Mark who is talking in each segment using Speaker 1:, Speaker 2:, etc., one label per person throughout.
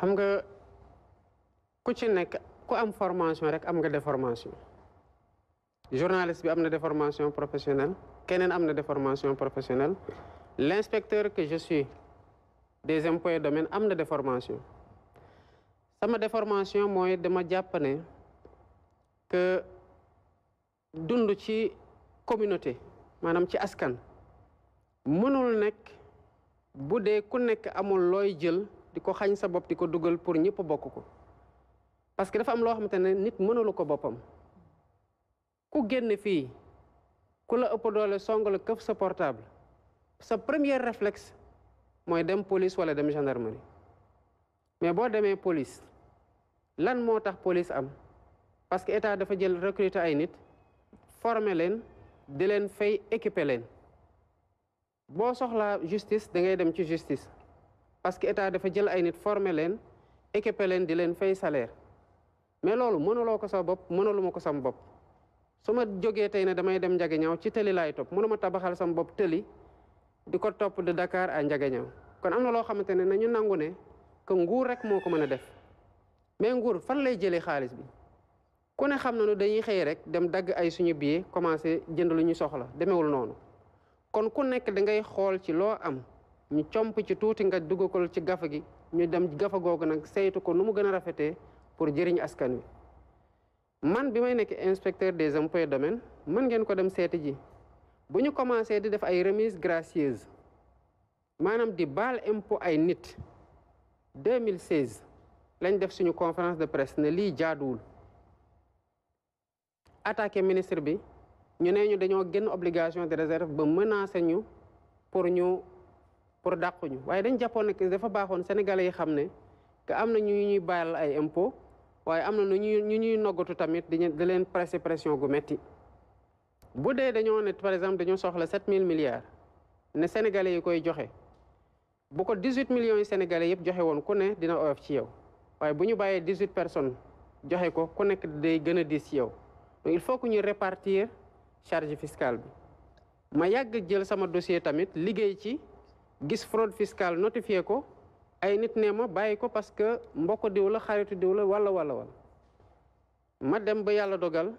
Speaker 1: xam nga ku ci nekk ku am formation rek am nga déformation journaliste bi am na déformation professionnelle keneen am na déformation professionnelle l'inspecteur que je des impôts et domaines am na déformation sama déformation mooy dama jàpp ne que dund ci communauté maanaam ci askan mënul nekk bu dee ku nekk amul looy jël diko xagn sa bop diko duggal pour ñepp bokku ko parce que dafa am lo xamantene nit mënalu ko bopam ku génn fi ku la ëpp doole songal keuf sa portable sa premier réflexe moy dem police wala dem gendarmerie mais bo démé police lan motax police am parce que état dafa jël recruter ay nit former len di len fay équiper len bo soxla justice da ngay dem ci justice parce que état dafa jël ay nit former leen équipe leen di leen fay salaire mais loolu mënuloo ko sa bopp mënuluma ko sam bopp su ma jógee tey ne damay dem Ndiaganiao ci tëli laay topp mënuma tabaxal sam bopp tëli di ko topp de dakaar à Ndiaganiao kon am na loo xamante ne nañu nangu ne que nguur rek moo ko mën a def mais nguur fan lay jëlee xaalis bi ku ne xam na nañu dañuy xëy rek dem dagg ay suñu billet commencé jënd lu ñu soxla demewul noonu kon ku nekk da xool ci loo am ñu comp ci tuuti nga dugakol ci gafa gi ñu dem gafa googu nag saytu ko nu mu gën a rafetee pour jëriñ askan wi man bi may nekk inspecteur des impôts et domaines mën ngeen ko dem seeti ji bu ñu commencé di def ay remise gracieuse maanaam di bale impôt ay nit 2016 lañ def suñu conférence de presse ne lii jaaduwul attaqué ministre bi ñu ne ñu dañoo génn obligation de réserve ba menacé ñu pour ñu pour dàquñu waaye dañ jàppoon ne dafa baaxoon sénégalais yi xam ne que am na ñu ñuy bàyyal ay impôt waaye am na nu ñuy ñu ñuy noggatu tamit di di leen pressé pression gu métti bu dee dañoo ne par exemple dañoo soxla 7000 milliards ne sénégalais yi koy joxe bu ko 18 millions yi sénégalais yëpp joxe woon ku ne dina oyof ci yow waaye bu ñu bàyyee 18 personnes joxe ko ku nekk day gën a diis ci yow donc il faut que ñu répartir charge fiscale bi ma yàgg jël sama dossier tamit liggéey ci. gis fraude fiscale notifié ko ay nit ne parce que Mboko diw la xaritu wala wala wala ma dem ba dogal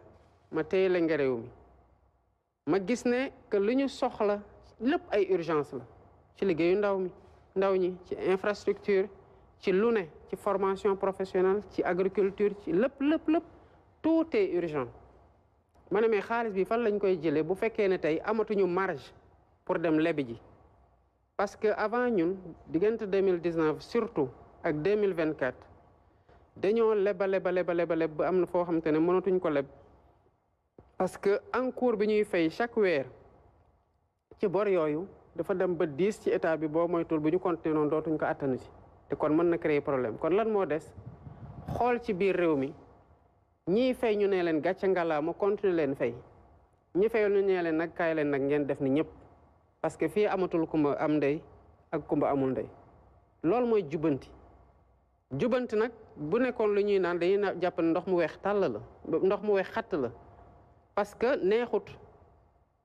Speaker 1: ma la ne que soxla lépp urgence la ci ndaw mi ndaw infrastructure ci formation professionnelle ci agriculture tout est urgent ma ne mais xaalis bi fan lañ koy jëlee bu marge pour dem lebi parce que avant ñun diggante deux mille dix neuf surtout ak deux mille vingt quatre dañoo leba leba leba leba leb am na foo xamante ne mënatuñ ko leb parce que encours bi ñuy fay chaque weer ci bor yooyu dafa dem bët diis ci état bi boo moytul bu ñu continuer noonu dootuñ ko attanu ci te kon mën na créer problème kon lan moo des xool ci biir réew mi ñii fay ñu nee leen gàcce ngalaama continuer leen fay ñi fayul ñu ne leen nag kaay leen nag ngeen def ni ñëpp parce que fii amatul kumba am ndey ak kumba amul ndey loolu mooy jubanti jubanti nag bu nekkoon lu ñuy naan dañuy na jàpp ne ndox mu weex tàll la ndox mu weex xatt la parce que neexut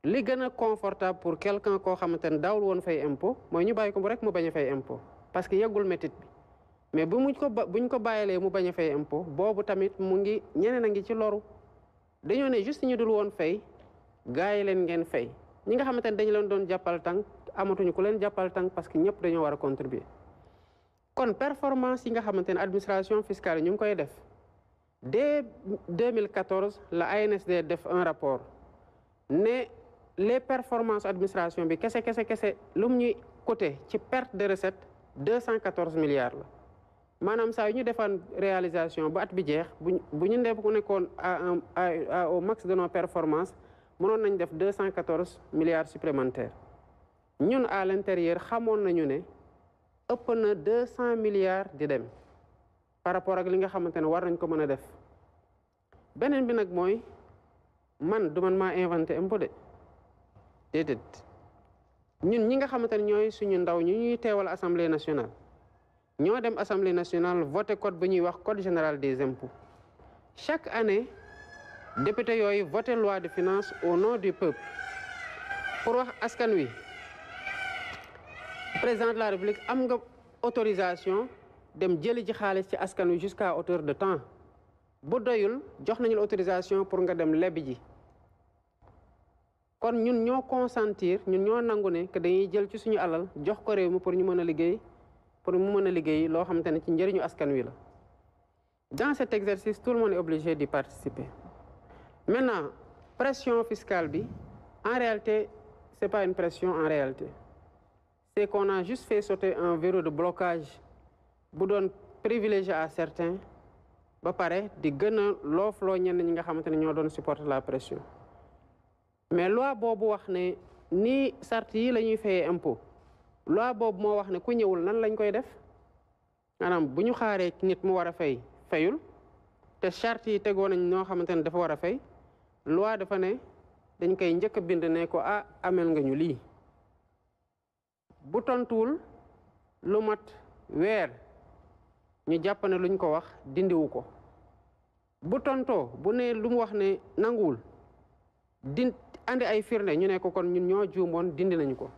Speaker 1: li gën a confortable pour quelqu'un koo xamante ne daawul woon fay impôt mooy ñu bàyyi ko rek mu bañ a fay impôt parce que yeggul métit bi mais bu mu ko buñ ko bàyyilee mu bañ a fay impôt boobu tamit mu ngi ñeneen a ngi ci loru dañoo ne juste ñu dul woon fay gaay leen ngeen fay ñi nga xamante ne dañu leen doon jàppal tànk amatuñu ku leen jàppal tànk parce que ñëpp dañoo war a contribuer kon performance yi nga xamante ne administration fiscale ñu ngi koy def dès 2014 la ANSD def un rapport ne les performance administration bi kese kese kese lu mu ñuy côté ci perte de recette 214 milliards la maanaam saa yu ñu defaan réalisation ba at bi jeex bu bu ñu nekkoon à au max de nos performances mënoon nañu def deux cent quatorze milliards supplémentaires ñun à l'intérieur xamoon nañu ne ëpp na deux cent milliards di dem par rapport ak li nga xamante ne war nañ ko mën a def beneen bi nag mooy man du man maa inventé impôt de ñun ñi nga xamante ne ñooy suñu ndaw ñu ñuy teewal assemblée nationale ñoo dem assemblée nationale voté code bu ñuy wax code général des impôts chaque année député yooyu voté loi de finance au non du peuple pour wax askan wi président de la république am nga autorisation dem jëli ji xaalis ci askan wi jusqu'à hauteur de temps bu doyul jox nañu la autorisation pour nga dem leb ji kon ñun ñoo consentir ñun ñoo nangu ne que dañuy jël ci suñu alal jox ko réew mi pour ñu mën a liggéey pour mu mën a liggéey loo xamante ne ci njëriñu askan wi la dans cet exercice tout le monde est obligé participer maintenant pression fiscale bi en réalité c'est pas une pression en réalité c'est qu'on a juste fait sauter un verrou de blocage bu donner privilège à certains ba pare di gëna a loofloo ñenn ñi nga xamante ne ñoo doon supporter la pression mais loi boobu wax ne ni sart yi la ñuy fayee impôt loi boobu moo wax ne ku ñëwul nan lañ koy def maanaam bu ñu xaaree nit mu war a fay fayul te charte yi tegoo nañ ñoo xamante ne dafa war fay loi dafa ne dañ koy njëkk a bind ne ko ah ameel nga ñu lii bu tontuwul lu mat weer ñu jàpp ne luñ ko wax dindiwu ko bu tontoo bu ne lu mu wax ne nanguwul din andi ay firnde ñu ne ko kon ñun ñoo juumoon dindi nañu ko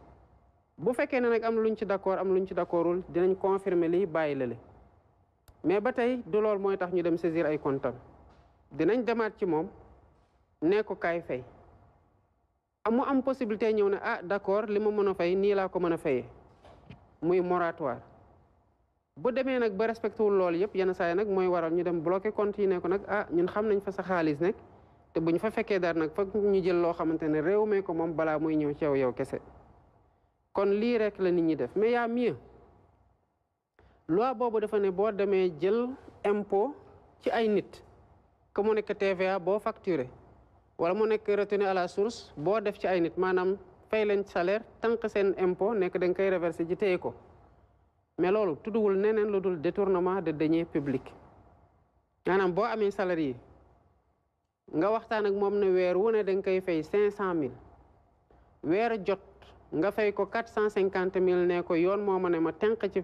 Speaker 1: bu fekkee ne nag am luñ ci d'accord am luñ ci d'accordul dinañ confirmer lii bàyyi la le mais ba tey du lool mooy tax ñu dem saisir ay comptes dinañ demaat ci moom nee ko kaay fay amu ah, am possibilité ñëw ne ah d'accord li ma mën a fay nii laa ko mën a fayee muy moratoire bu demee nag ba respecté wul loolu yëpp yenn saa nag mooy waral ñu dem bloqué compte yi ko nag ah ñun xam nañ fa sa xaalis nekk te bu ñu fa fekkee dara nag foog ñu jël loo xamante ne réew mee ko moom balaa muy ñëw ci yow kese kon lii rek la nit ñi def mais yaa mieux loi boobu dafa ne boo demee jël impo ci ay nit que mu nekk TVA boo facturé wala mu nekk retenu à la source boo def ci ay nit maanaam fay leen salaire tànq seen impôt nekk danga koy reversé ji téye ko mais loolu tudduwul neneen lu dul détournement de deniers publique maanaam boo amee salaire yi nga waxtaan ak moom ne weer wu ne da nga koy fay cinq cent mille weer jot nga fay ko quatre cent cinquante mille ne ko yoon moo ma ne ma tànq ci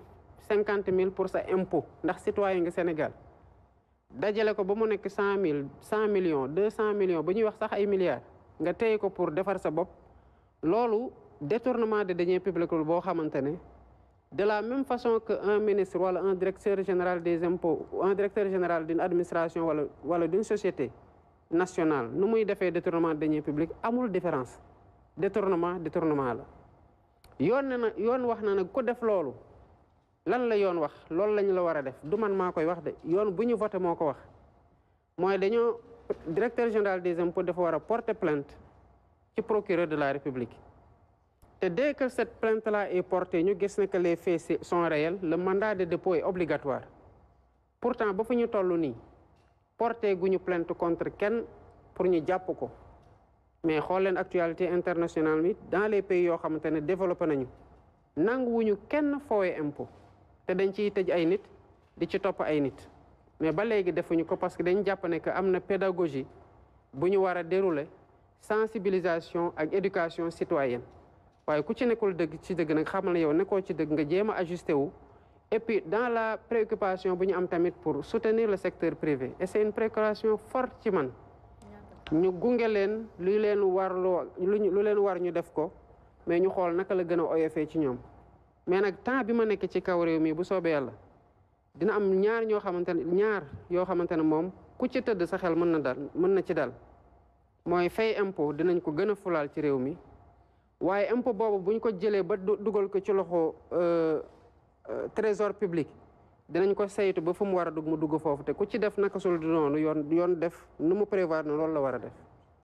Speaker 1: cinquante mille pour sa impôt ndax citoyen nga Sénégal Si ko bamu nek 100 100 millions 200 millions ba wax sax ay milliards nga ko pour defar sa lolo détournement de deniers publics de la même façon que un ministre ou un directeur général des impôts ou un directeur général d'une administration ou d'une société nationale nu muy le détournement de deniers publics amul différence détournement détournement la y a na wax na lan la yoon wax loolu lañu la war a def du man maa koy wax de yoon bu ñu voté moo ko wax mooy dañoo directeur général des impôts dafa war a porter plainte ci procureur de la république te dès que cette plainte là et portée ñu gis ne que les faits sont réels le mandat de dépôt est obligatoire pourtant ba fu ñu toll nii porté gu ñu plainte contre kenn pour ñu jàpp ko mais xool leen actualité internationale bi dans les pays yoo xamante ne développé nañu nanguwuñu kenn foowe impôt te dañ ciy tëj ay nit di ci topp ay nit mais ba léegi defuñu ko parce que dañ jàpp ne que am na pédagogie bu ñu war a dérouler sensibilisation ak éducation citoyenne waaye ku ci nekkul dëgg ci dëgg nag xamal ne yow nekkoo ci dëgg nga jéem a ajusté wu et puis dans la préoccupation bu ñu am tamit pour soutenir le secteur privé et c'est une préoccupation forte ci man ñu gunge leen luy leen war lu lu leen war ñu def ko mais ñu xool naka la gën a oyofee ci ñoom mais nag temps bi ma nekk ci kaw réew mii bu soobee la dina am ñaar ñoo xamante ne ñaar yoo xamante ne moom ku ci tëdd sa xel mën na dal mën na ci dal mooy fay impôt dinañ ko gën a fulaal ci réew mi waaye impôt boobu bu ñu ko jëlee ba dugal ko ci loxo euh, euh, trésor public dinañ ko saytu ba fu mu war a dugg mu dugg foofu te ku ci def naka sul du noonu yoon yoon def nu mu prévoir ne loolu la war a def